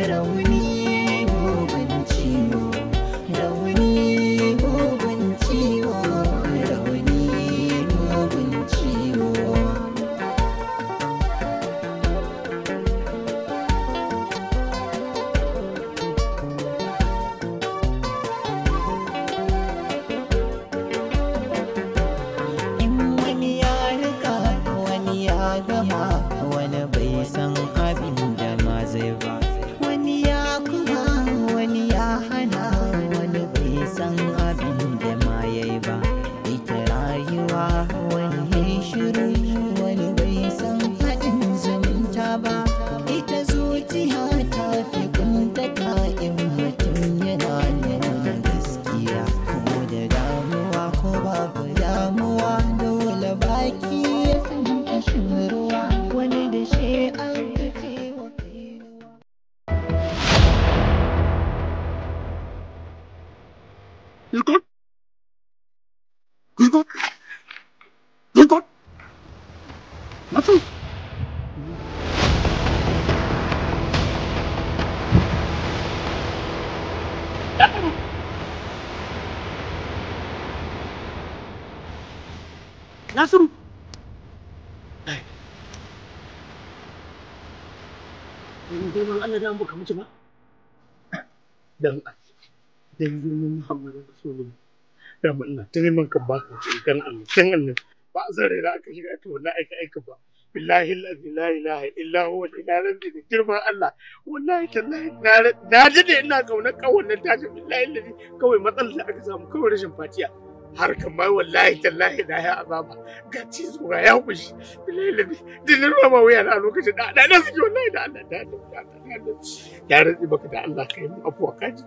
hit a wee. dan ake dan girman Muhammadu Rasulullah ya ba ina tare ba ka baka kan Allah kan Allah ba zan rera aka shiga to wallahi aika aika ba billahi allazi la ilaha illa huwa ilahan da girman Allah wallahi tallahi na ji da ina kauna kawai ta tashi billahi allazi kawai matsalar da aka samu kawai rashin fatiya har mai wallahi tallahi na ya azaba ga cizo ga ya kushi lalabi dinin ma wuya na lokacin da da da suke wallahi da Allah da da ya rantsi baka da Allah kai mu afuwa kaji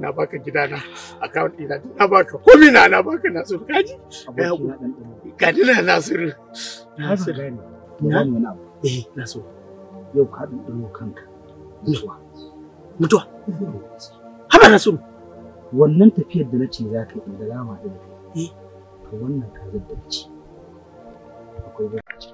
na baka gidana account ɗina na baka komi na na baka na kaji ga dina na sun da sun gane na wani abu eh na yau ka ɗin kanka mutuwa mutuwa haba na wannan tafiyar da na ce za ka yi da lama da kai eh to wannan kazar da ce akwai lokaci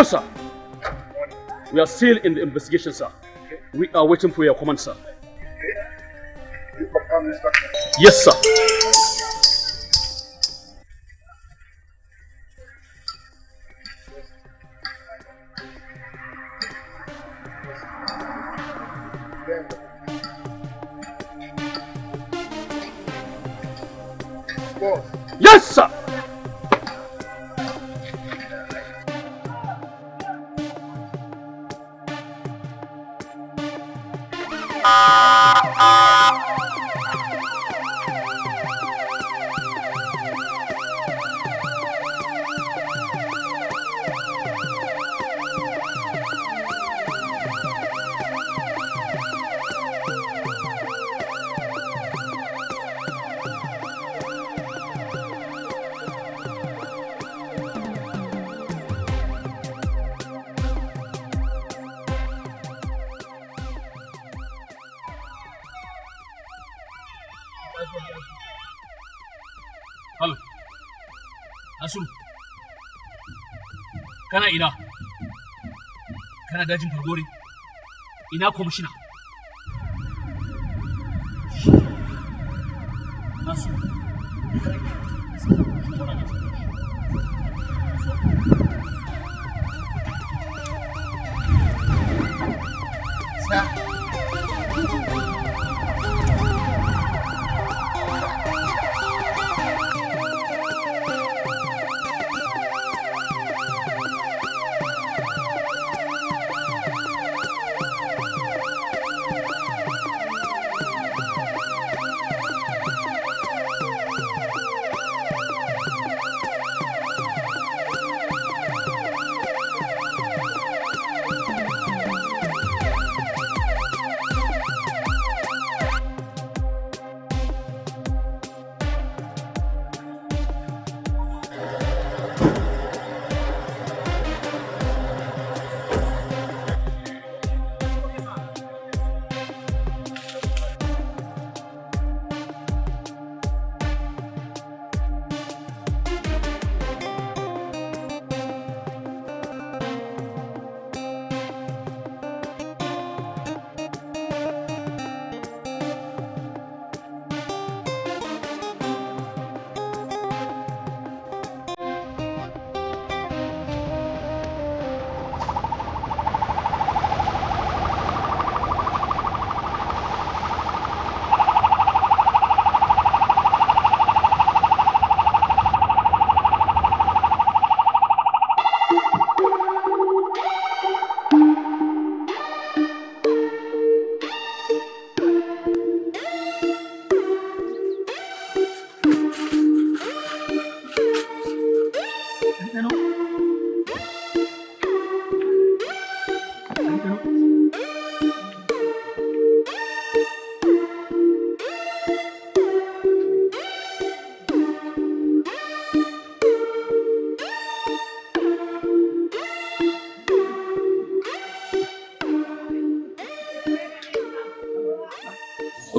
on, sir. We are still in the investigation, sir. We are waiting for your command, sir. Yes, sir. Yes, sir. Hal. Nasiru. Kana ina? Kana dajin Falgore? Ina kwamishina? Nasiru. Stop.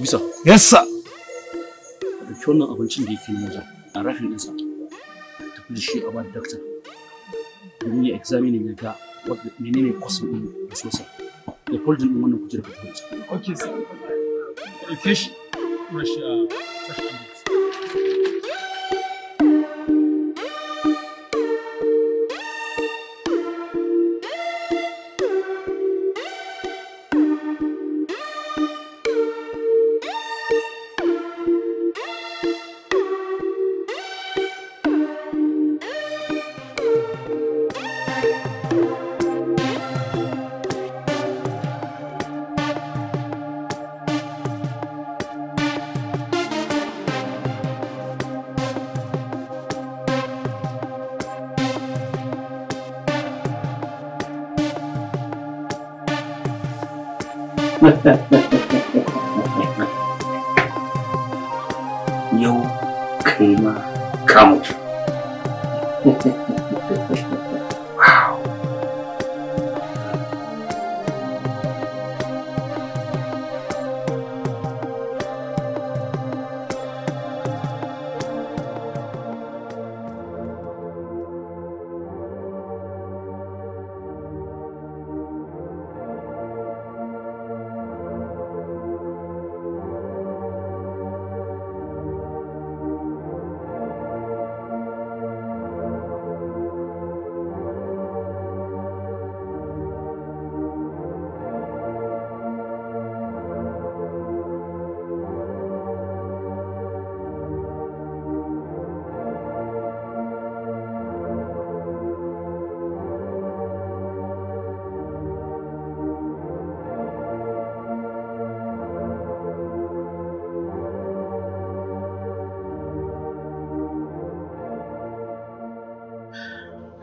Ofisa. Yes sir. wannan abincin da yake nan wajen a rafin ɗinsa. Tafi da shi a ba dakta. Domin ya examine ya ga menene kwasan ɗin da Ya wannan kujerar ta Okay sir. Ɗauke shi. a sashen Ha ha ha.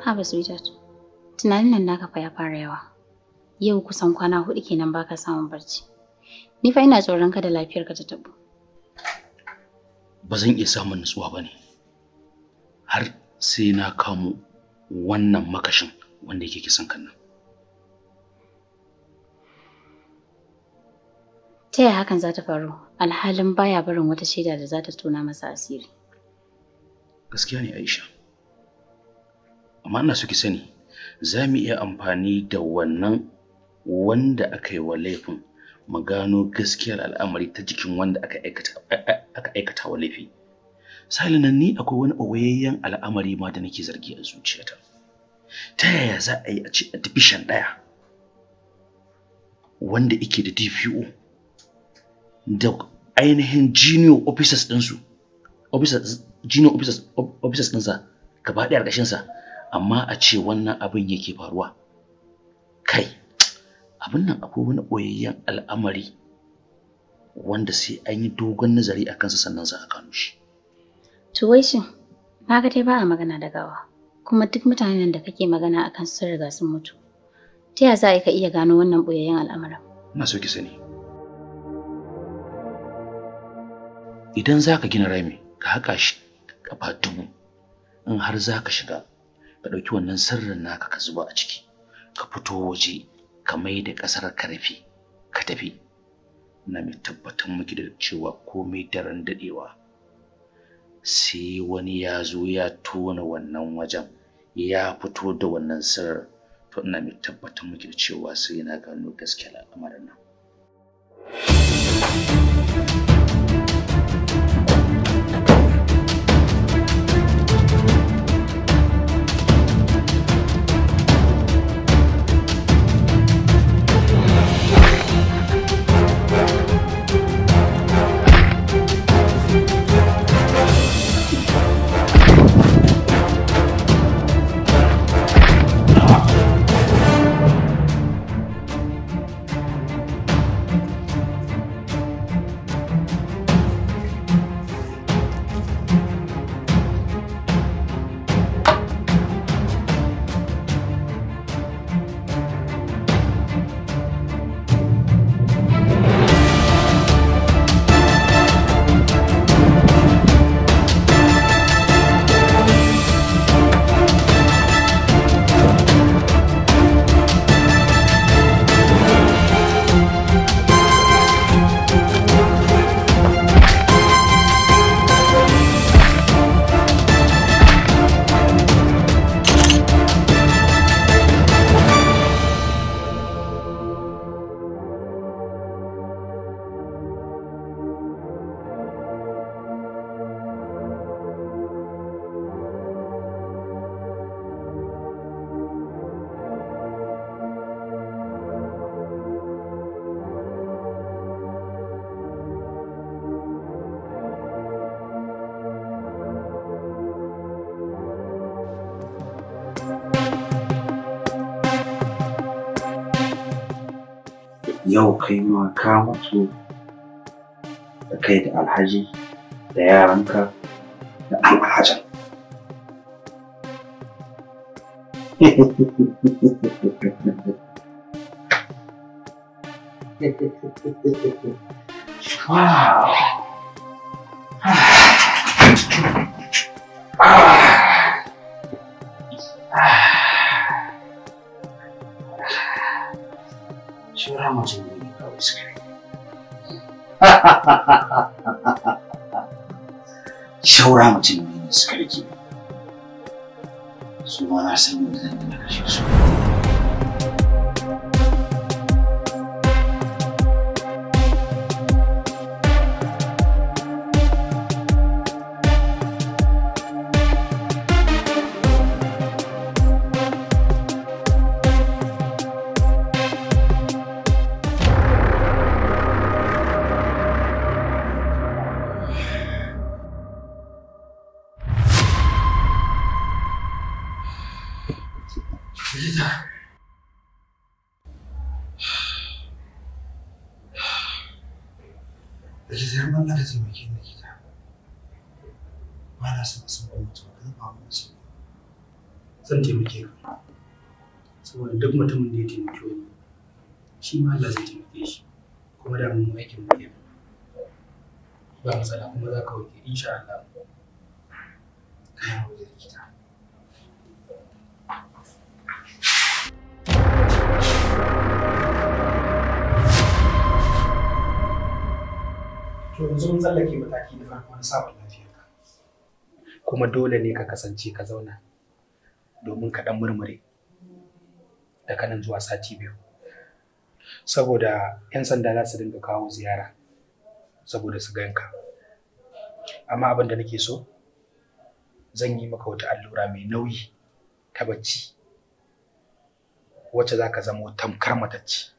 Haba sweetheart, tunanin nan naka fa ya fara yawa. Yau kusan kwana hudu kenan baka samun barci. Ni fa ina tsoron ka da lafiyar ka ta tabo. Ba zan iya samun nutsuwa ba ne. Har sai na kamo wannan makashin wanda yake kisan kan nan. Ta yaya hakan za ta faru alhalin baya barin wata shaida da za ta tona masa asiri? Gaskiya ne Aisha. amma ina so sani za mu iya amfani da wannan wanda aka yi wa laifin mu gano gaskiyar al'amari ta jikin wanda aka aikata wa laifi nan ni akwai wani ɓoyayyen al'amari ma da nake zargi a zuciyata ta yaya za a yi a ce a division ɗaya wanda ike da dpo da ainihin junior officers ɗinsu officers junior officers officers ɗinsa gaba ɗaya ƙarshensa amma a ce wannan abin yake faruwa kai abin nan akwai wani ɓoyayyen al'amari wanda sai an yi dogon nazari a kansa sannan za a kano shi to wai shin na ga dai ba a magana da gawa kuma duk mutanen da kake magana akan sun riga sun mutu ta ya za ka iya gano wannan ɓoyayyen al'amarin na so ki sani idan za ka gina rami ka haƙa shi ba dubu in har za ka shiga ka ɗauki wannan sirrin naka ka zuba a ciki ka fito waje ka mai da ƙasar karfi ka tafi ina mai tabbatar miki da cewa komai daren daɗewa sai wani ya zo ya tona wannan wajen ya fito da wannan sirrin to ina mai tabbatar miki da cewa sai na gano gaskiya al'amarin nan. yau kai ma ka mutu da kai da alhaji da yaranka da an alhajan wow shaura mutum biyu suka rike su ma na san yadda zan yi na kashe su Farida. Da ke zai Allah ka taimake Ba na son san ko mutum ka zaba mu musu. Zan taimake Saboda duk mutumin da ya taimake wani shi ma zai taimake shi kuma da mun aikin mu kenan. Ba matsala kuma za ka wuce insha Allah. Kana wuce likita. to yanzu mun mataki na farko na samun lafiyarka kuma dole ne ka kasance ka zauna domin ka dan murmure da kanan zuwa sati biyu saboda 'yan sanda za su dinga kawo ziyara saboda su ganka amma abin da nake so zan yi maka wata allura mai nauyi ta bacci wacce za ka zama tamkar matacci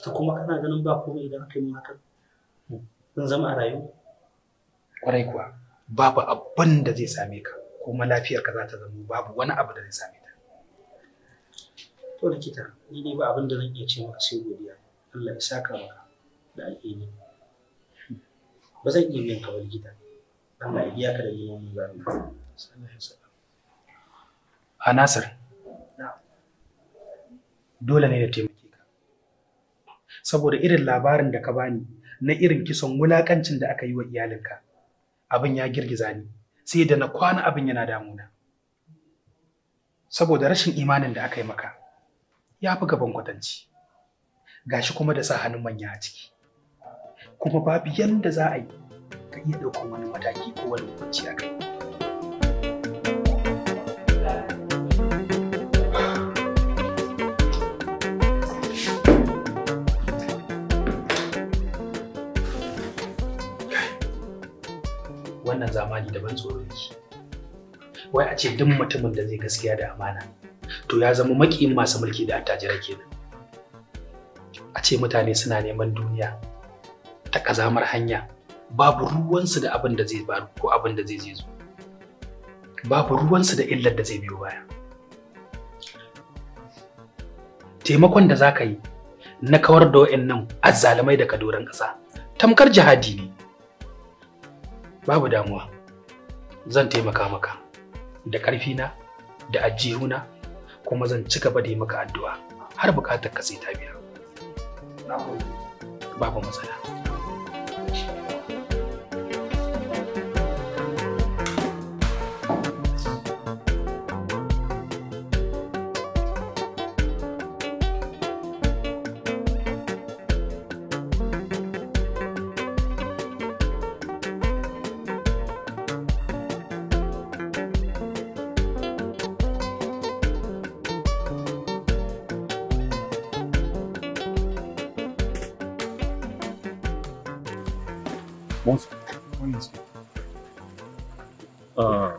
to kuma kana ganin ba komai idan aka yi hakan zan zama a rayu kwarai kuwa babu abin da zai same ka kuma lafiyarka za ta zama babu wani abu da zai same ta to likita ni dai ba abin da zan iya ce maka sai godiya Allah ya saka maka da alheri ba zan iya yin ka ba likita Allah ya biya ka da neman mu zamu a Nasir dole ne da taimako saboda irin labarin da ka bani na irin kisan wulakancin da aka yi wa iyalinka abin ya girgiza ni sai da na kwana abin yana damuna saboda rashin imanin da aka yi maka ya fi gaban kwatanci gashi kuma da sa hannun manya a ciki kuma babu yadda za a yi ka iya ɗaukan wani mataki ko wani hukunci a kai wannan zamani da ban tsoron ki wai a ce duk mutumin da zai gaskiya da amana to ya zama makiyin masu mulki da attajira kenan a ce mutane suna neman duniya ta kazamar hanya babu ruwansu da abin da zai faru ko abin da zai je zo babu ruwansu da illar da zai biyo baya taimakon da za ka yi na kawar da wa'in nan azzalumai daga doron ƙasa tamkar jihadi ne babu damuwa zan taimaka maka da ƙarfina da ajihuna kuma zan ci gaba da yi maka addu'a har bukatar ka sai ta biya babu matsala Bonsoir. Ah.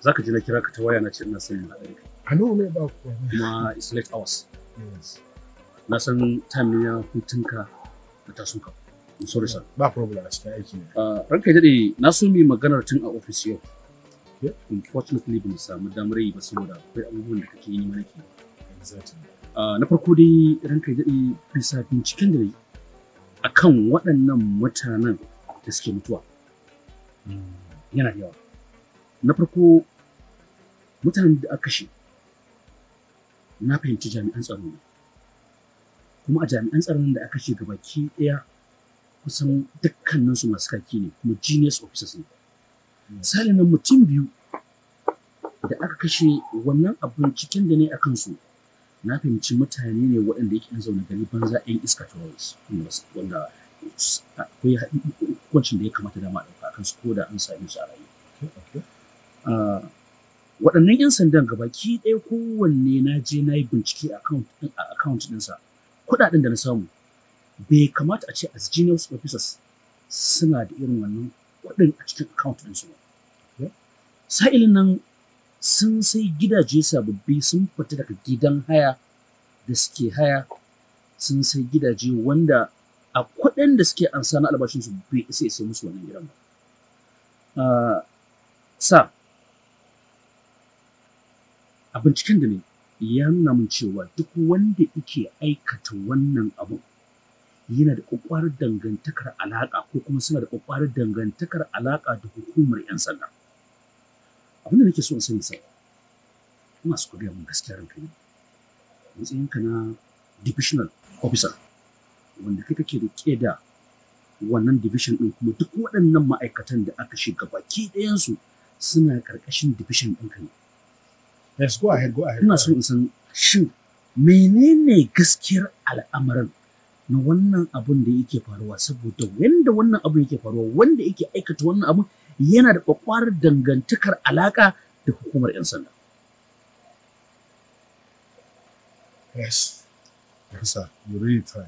Za ka ji na kira ka ta waya na ce ina son na ɗanka. A nawa ba kuwa. Kuma it's late hours. Na san time ya ya ka da ta suka. I'm sorry sir. Ba problem a cikin aiki ne. Ah, ranka ya daɗe na so mu maganar tun a ofis yau. Unfortunately ban samu damar yi ba saboda akwai abubuwan da kake yi mana ke. Ah, na farko dai ranka ya daɗe bisa binciken da na yi. akan waɗannan mutanen da suke mutuwa yana da yawa na farko mutanen da aka kashe na fahimci jami'an tsaro ne kuma a jami'an tsaron da aka kashe gabaki ɗaya kusan dukkanin su masu kaki ne kuma genius officers ne misalin mutum biyu da aka kashe wannan abin cikin da ne a kansu na fahimci mutane ne waɗanda yake yan zaune gari banza yan iska towards wanda akwai hukuncin da ya kamata dama a ɗauka su ko da an sami su a rayu. Ah, waɗannan 'yan sandan gaba ki ɗaya kowanne na je na yi bincike a account ɗinsa kuɗaɗen da na samu bai kamata a ce as genius officers suna da irin wannan kuɗin a cikin account ɗinsu ba. Sa'ilin nan sun sai gidaje sababbi sun fita daga gidan haya da suke haya sun sai gidaje wanda a kuɗin da suke ansa na albashinsu bai isa isa musu wannan gidan ba. Ah, sa, a binciken da ne ya nuna mun cewa duk wanda yake aikata wannan abu yana da ƙwaƙwarar dangantakar alaƙa ko kuma suna da ƙwaƙwarar dangantakar alaƙa da hukumar 'yan sanda. abin da nake so in sani sai ina so ka gaya gaskiya ranka ne matsayinka na divisional officer wanda kai kake rike da wannan division din kuma duk waɗannan ma'aikatan da aka shiga baki ɗayansu suna ƙarƙashin division ɗinka ne. Yes, go ahead, go ahead. Ina so in san shin menene gaskiyar al'amarin na wannan abun da yake faruwa saboda wanda wannan abun yake faruwa wanda yake aikata wannan abun yana da kwakwar dangantakar alaka da hukumar 'yan sanda. Yes, yes, you really try.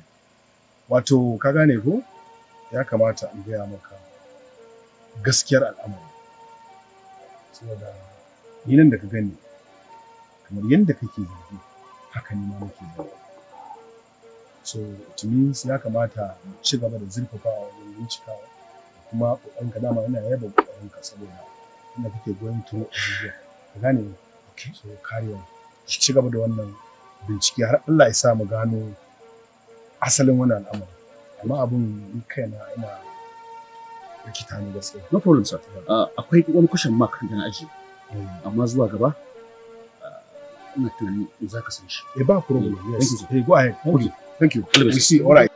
Wato, ka gane ko? Ya kamata in gaya maka gaskiyar al'amari. Saboda ni nan da ka gani, kamar yadda kake zargi, haka ni ma nake zargi. So, it means ya kamata mu ci gaba da wa wajen bincikawa kuma ƙoƙarinka dama ina yaba ƙoƙarinka saboda inda kake goyon turo abubuwa ka gane ne so karewa ci gaba da wannan bincike har Allah ya sa mu gano asalin wannan al'amari amma abin kaina ina rikita ne gaske no problem sir ah, akwai wani kushin mark da na aji eh. amma zuwa gaba ah, ina tunani za ka san shi eh ba problem yes thank you eh, go ahead thank you thank you we see all right